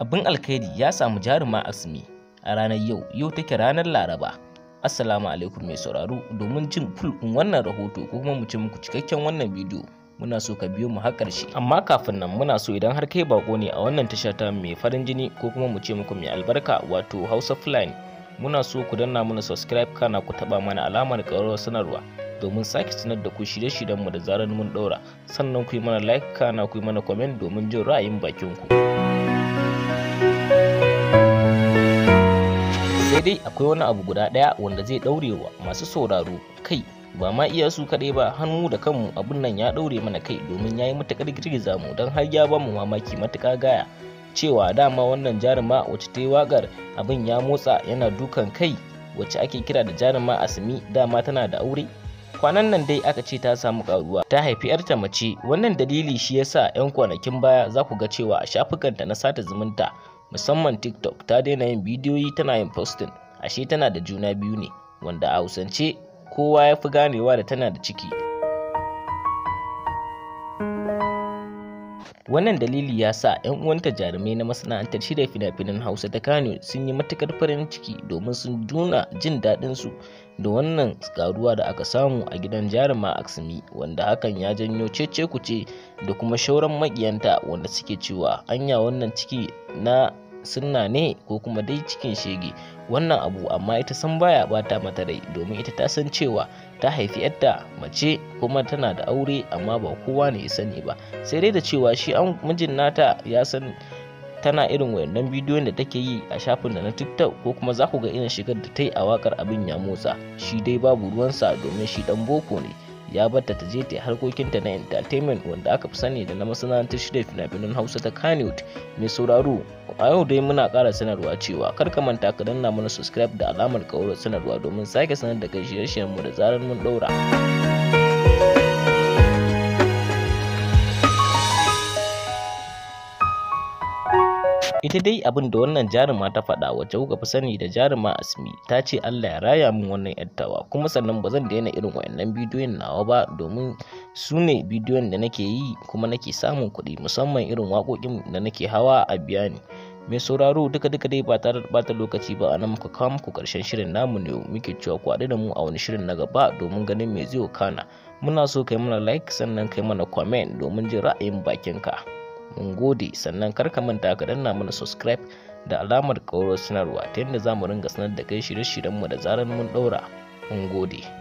abin alkhairi ya samu jaruma asmi, a ranar yau yau take ranar laraba assalamu alaikum mai sauraro domin jin full ɗin wannan rahoto ko kuma mu ce muku cikakken wannan bidiyo muna so ka biyo mu har shi. amma kafin nan muna so idan har kai bako ne a wannan tasha ta mai farin jini ko kuma mu ce muku mai albarka wato hausa fulani muna so ku danna mana subscribe kana ku taba mana alamar ƙararrawar sanarwa domin sake sanar da ku shirye-shiryen mu da zarar mun ɗaura, sannan ku yi mana like kana ku yi mana comment domin jin ra'ayin bakin ku sai dai akwai wani abu guda ɗaya wanda zai ɗaure wa masu sauraro kai ba ma iya su kaɗai ba hannu da kanmu abin nan ya ɗaure mana kai domin ya yi matuƙar girgiza mu don har ya bamu mamaki matuƙa gaya cewa dama wannan jaruma wacce ta yi waƙar abin ya motsa yana dukan kai wacce ake kira da jaruma asimi dama tana da aure kwanan nan dai aka ce ta samu karuwa ta haifi yarta mace wannan dalili shi yasa 'yan kwanakin baya za ku ga cewa a shafukanta na sata zumunta musamman tiktok ta daina yin bidiyoyi tana yin posting ashe tana da juna biyu ne wanda a hausance kowa ya fi ganewa da tana da ciki wannan dalili ya sa 'yan uwanta jarumai na masana'antar shirya fina-finan hausa ta kano sun yi matukar farin ciki domin sun juna jin daɗin su da wannan karuwa da aka samu a gidan jaruma aksumi wanda hakan ya janyo cece kuce da kuma shauran makiyanta wanda suke cewa anya wannan ciki na sunna ne ko kuma dai cikin shege wannan abu amma ita san baya bata mata rai domin ita ta san cewa ta haifi yadda mace kuma tana da aure amma ba kowa ne ya sani ba sai dai da cewa shi an mijin nata ya san tana irin wayannan bidiyon da take yi a shafin da na tiktok ko kuma za ku ga irin shigar da ta a wakar abin ya motsa shi dai babu ruwansa domin shi dan boko ne ya batta ta je ta yi harkokinta na entertainment wanda aka fi sani da na masana'antar shirya fina-finan hausa ta kanewood mai sauraro a yau dai muna kara sanarwa cewa kar ka manta ka danna mana subscribe da alamar kawo sanarwa domin sake sanar da kai shirye-shiryenmu da zarar mun ɗaura. ita dai abin da wannan jaruma ta faɗa wacce kuka fi sani da jaruma asmi ta ce allah ya raya min wannan yattawa kuma sannan ba zan daina irin wayannan bidiyon nawa ba domin su ne bidiyon da nake yi kuma nake samun kuɗi musamman irin waƙoƙin da nake hawa a biya ni mai sauraro duka duka dai ba tare lokaci ba a nan muka kawo muku karshen shirin namu ne muke cewa ku da mu a wani shirin na gaba domin ganin mai zai kana muna so kai mana like sannan kai mana comment domin jin ra'ayin bakinka. ka mun gode sannan karka manta ka danna mana subscribe da alamar ƙoro sanarwa ta yadda za mu ringa sanar da kai shirye-shiryenmu da zarar mun ɗaura mun gode